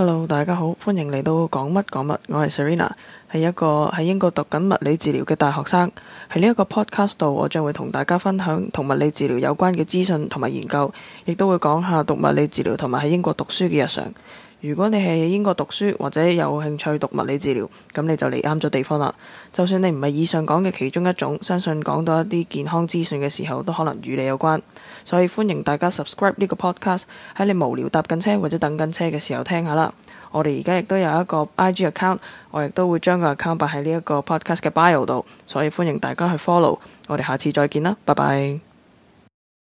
Hello，大家好，歡迎嚟到講乜講物，我係 Serena，係一個喺英國讀緊物理治療嘅大學生。喺呢一個 podcast 度，我將會同大家分享同物理治療有關嘅資訊同埋研究，亦都會講下讀物理治療同埋喺英國讀書嘅日常。如果你係英國讀書或者有興趣讀物理治療，咁你就嚟啱咗地方啦。就算你唔係以上講嘅其中一種，相信講到一啲健康資訊嘅時候，都可能與你有關。所以歡迎大家 subscribe 呢個 podcast，喺你無聊搭緊車或者等緊車嘅時候聽下啦。我哋而家亦都有一個 IG account，我亦都會將個 account 擺喺呢一個 podcast 嘅 bio 度，所以歡迎大家去 follow。我哋下次再見啦，拜拜。